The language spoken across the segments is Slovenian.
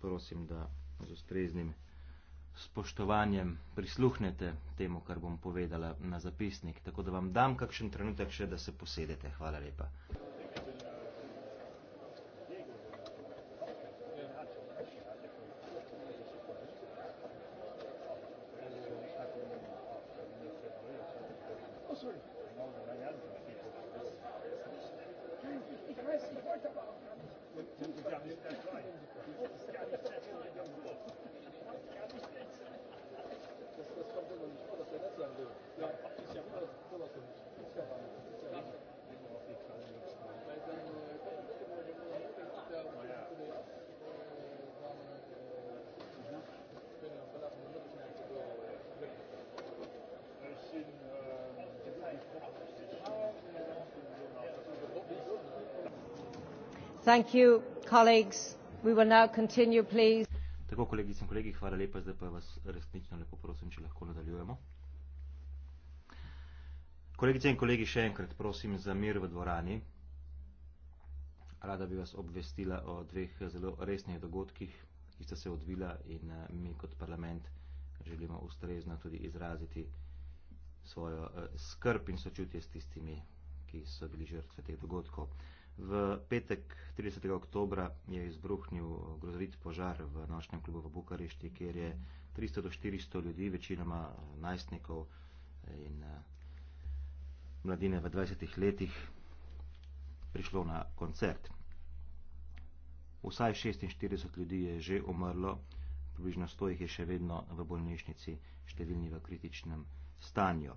prosim, da z ustreznim spoštovanjem prisluhnete temu, kar bom povedala na zapisnik. Tako da vam dam kakšen trenutek še, da se posedete. Hvala lepa. Oh, sorry. No, no, no, no. Can you just address the point about... Tako, kolegice in kolegi, hvala lepa, zdaj pa vas resnično lepo prosim, če lahko nadaljujemo. Kolegice in kolegi, še enkrat prosim za mir v dvorani. Rada bi vas obvestila o dveh zelo resnih dogodkih, ki sta se odvila in eh, mi kot parlament želimo ustrezno tudi izraziti svojo eh, skrb in sočutje s tistimi, ki so bili žrtve teh dogodkov. V petek 30. oktober je izbruhnil grozovit požar v nočnem klubu v Bukarišti, kjer je 300 do 400 ljudi, večinoma eh, najstnikov eh, in eh, mladine v 20 letih, prišlo na koncert. Vsaj 46 ljudi je že umrlo, približno 100 jih je še vedno v bolnišnici, številni v kritičnem stanju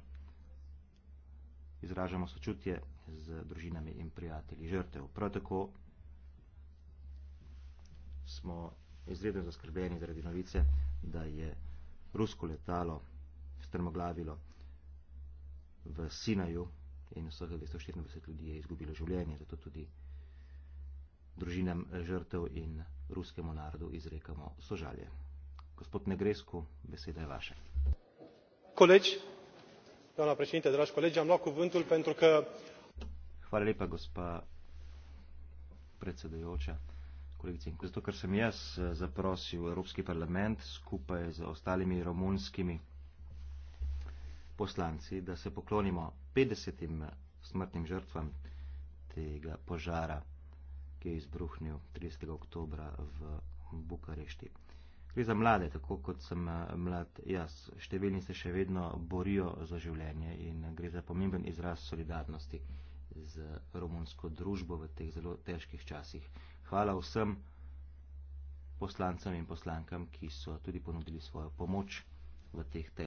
izražamo sočutje z družinami in prijatelji žrtev. Prav tako smo izredno zaskrbljeni zaradi novice, da je rusko letalo strmoglavilo v Sinaju in vseh 294 ljudi je izgubilo življenje, zato tudi družinam žrtev in ruskemu narodu izrekamo sožalje. Gospod Negresku, beseda je vaša. Koleč, doamnă președintă, dragi colegi, am luat cuvântul pentru că... Hvala lepa, gospa predsedujoča, kolegice in kolegi. Zato, ker sem jaz eh, zaprosil Evropski parlament skupaj z ostalimi romunskimi poslanci, da se poklonimo 50 smrtnim žrtvam tega požara, ki je izbruhnil 30. oktobra v Bukarešti. Gre za mlade, tako kot sem eh, mlad jaz. Številni se še vedno borijo za življenje in gre za pomemben izraz solidarnosti z romunsko družbo v teh zelo težkih časih. Hvala vsem poslancem in poslankam, ki so tudi ponudili svojo pomoč v teh težkih časih.